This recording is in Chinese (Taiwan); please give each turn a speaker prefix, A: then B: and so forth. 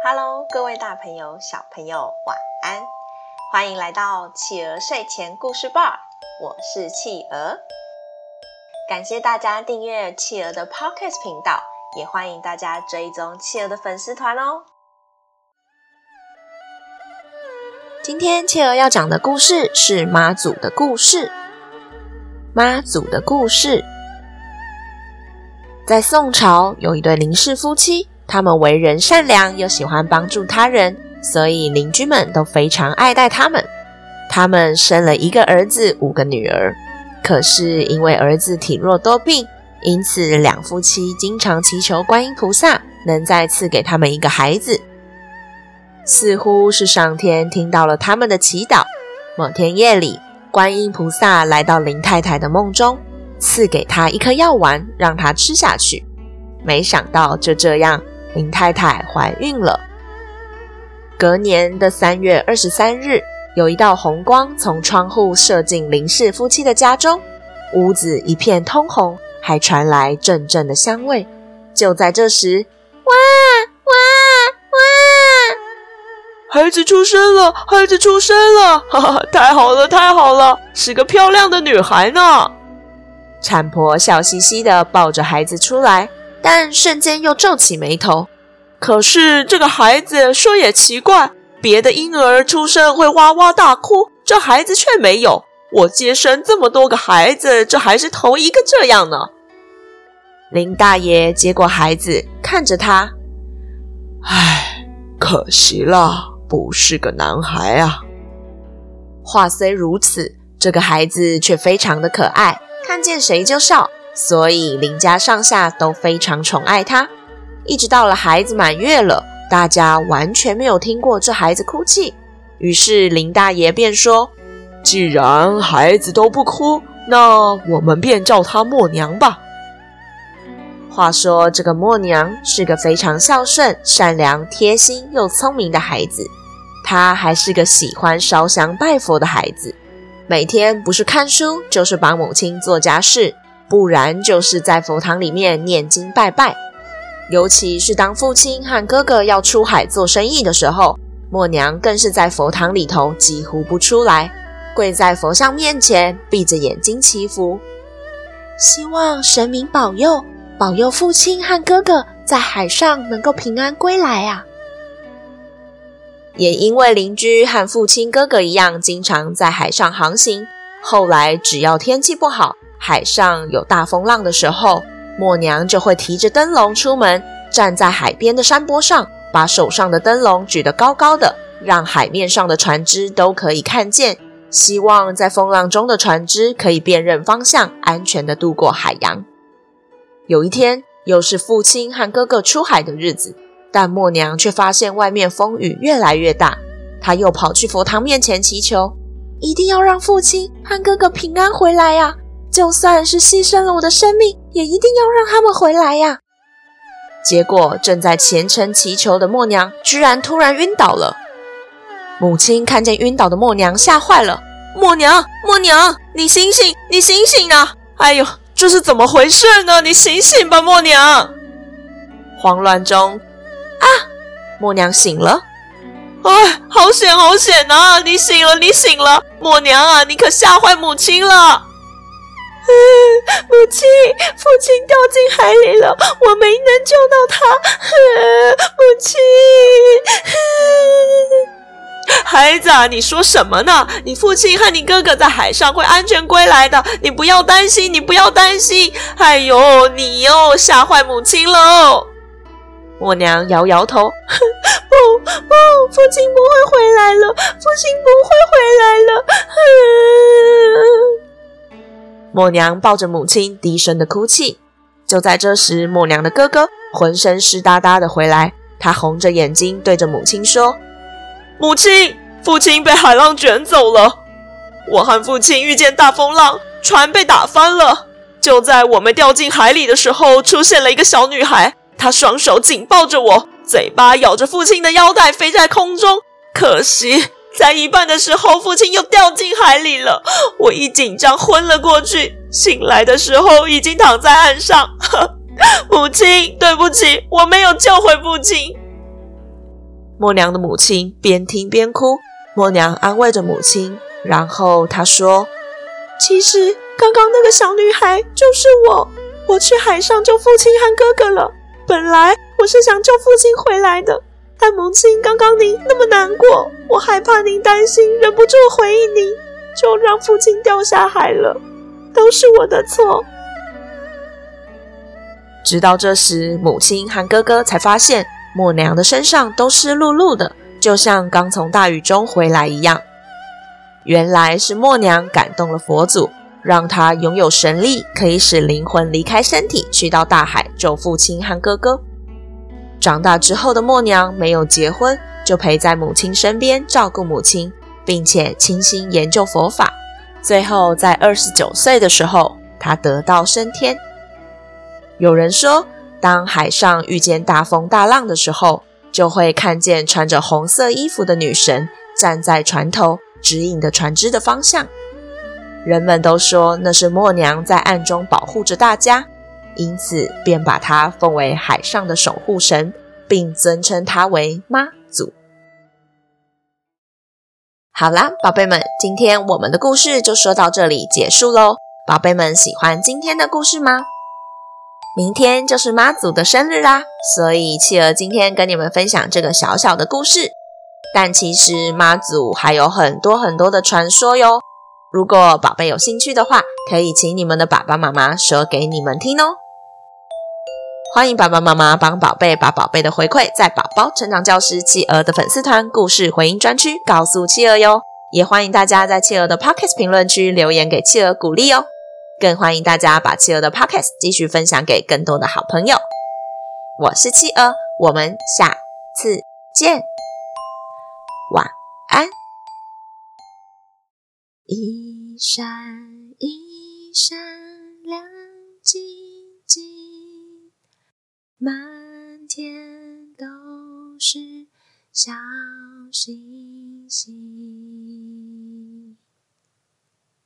A: 哈嘍，各位大朋友、小朋友，晚安！歡迎來到企鵝睡前故事吧，我是企鵝。感謝大家訂閱企鵝的 Podcast 頻道，也歡迎大家追蹤企鵝的粉絲團哦。今天企鵝要講的故事是媽祖的故事。媽祖的故事，在宋朝有一對林氏夫妻。他們為人善良，又喜歡幫助他人，所以鄰居們都非常愛戴他們。他們生了一個兒子，五個女兒。可是因為兒子體弱多病，因此兩夫妻經常祈求觀音菩薩能再賜給他們一個孩子。似乎是上天聽到了他們的祈禱。某天夜裡，觀音菩薩來到林太太的夢中，賜給她一顆藥丸，讓她吃下去。沒想到就這樣。林太太懷孕了。隔年的三月二十三日，有一道紅光從窗戶射進林氏夫妻的家中，屋子一片通紅，還傳來陣陣的香味。就在這時，哇哇哇！孩子出生了，孩子出生了，哈哈，太好了，太好了，是個漂亮的女孩呢。產婆笑嘻嘻地抱着孩子出來。但瞬間又皺起眉頭。可是這個孩子說也奇怪，別的嬰兒出生會哇哇大哭，這孩子卻沒有。我接生這麼多個孩子，這還是頭一個這樣呢。林大爺接過孩子，看着他，唉，可惜了，不是個男孩啊。話雖如此，這個孩子卻非常的可愛，看見誰就笑。所以林家上下都非常寵愛他，一直到了孩子滿月了，大家完全沒有聽過這孩子哭泣。於是林大爺便說：“既然孩子都不哭，那我們便叫他默娘吧。”話說這個默娘是個非常孝順、善良、貼心又聰明的孩子，他還是個喜歡燒香拜佛的孩子，每天不是看書就是幫母親做家事。不然就是在佛堂裡面念經拜拜，尤其是當父親和哥哥要出海做生意的時候，默娘更是在佛堂裡頭幾乎不出來，跪在佛像面前閉着眼睛祈福，希望神明保佑，保佑父親和哥哥在海上能夠平安歸來啊。也因為鄰居和父親哥哥一樣，經常在海上航行，後來只要天氣不好，海上有大風浪的時候，默娘就會提着燈籠出門，站在海邊的山坡上，把手上的燈籠舉得高高的，讓海面上的船只都可以看見，希望在風浪中的船只可以辨認方向，安全的度過海洋。有一天，又是父親和哥哥出海的日子，但默娘卻發現外面風雨越來越大，她又跑去佛堂面前祈求，一定要讓父親和哥哥平安回來呀。就算是犧牲了我的生命，也一定要讓他們回來呀、啊！結果正在虔誠祈求的默娘，居然突然暈倒了。母親看見暈倒的默娘，嚇壞了：“默娘，默娘，你醒醒，你醒醒啊！哎呦，這是怎麼回事呢？你醒醒吧，默娘！”慌亂中，啊！默娘醒了！哎，好險，好險啊！你醒了，你醒了，默娘啊，你可嚇壞母親了。嗯，母親，父親掉進海裡了，我沒能救到他。母親，孩子啊，你說什麼呢？你父親和你哥哥在海上會安全歸來的，你不要擔心，你不要擔心。哎呦，你又嚇壞母親了。默娘搖搖頭，不不，父親不會回來了，父親不會回來了。默娘抱着母親，低聲的哭泣。就在這時，默娘的哥哥渾身濕噠噠的回來，他紅着眼睛對着母親說：“母親，父親被海浪捲走了。我和父親遇見大風浪，船被打翻了。就在我們掉進海裡的時候，出現了一個小女孩，她雙手緊抱着我，嘴巴咬着父親的腰帶，飛在空中。可惜。”在一半的時候，父親又掉進海裡了。我一緊張，昏了過去。醒來的時候，已經躺在岸上。 母親，對不起，我沒有救回父親。默娘的母親邊聽邊哭，默娘安慰着母親，然後她說：“其實剛剛那個小女孩就是我，我去海上救父親和哥哥了。本來我是想救父親回來的。”但母親剛剛您那麼難過，我害怕您擔心，忍不住回應您，就讓父親掉下海了，都是我的錯。直到這時，母親和哥哥才發現默娘的身上都濕漉漉的，就像剛從大雨中回來一樣。原來是默娘感動了佛祖，讓她擁有神力，可以使靈魂離開身體，去到大海救父親和哥哥。長大之後的默娘沒有結婚，就陪在母親身邊照顧母親，並且傾心研究佛法。最後在二十九歲的時候，她得道升天。有人說，當海上遇見大風大浪的時候，就會看見穿着紅色衣服的女神站在船頭指引着船只的方向。人們都說那是默娘在暗中保護着大家。因此，便把他奉為海上的守護神，並尊稱他為媽祖。好了，寶貝們，今天我們的故事就說到這裡結束嘍。寶貝們，喜歡今天的故事嗎？明天就是媽祖的生日啦，所以企鵝今天跟你們分享這個小小的故事。但其實媽祖還有很多很多的傳說喲。如果寶貝有興趣的話，可以請你們的爸爸媽媽說給你們聽哦。歡迎爸爸媽媽幫寶貝把寶貝的回饋，在寶寶成長教室企鵝的粉絲團故事回音專區告訴企鵝喲，也歡迎大家在企鵝的 Podcast 評論區留言給企鵝鼓勵喲，更歡迎大家把企鵝的 Podcast 繼續分享給更多的好朋友。我是企鵝，我們下次見，晚安。一閃一閃亮晶，滿天都是小星星。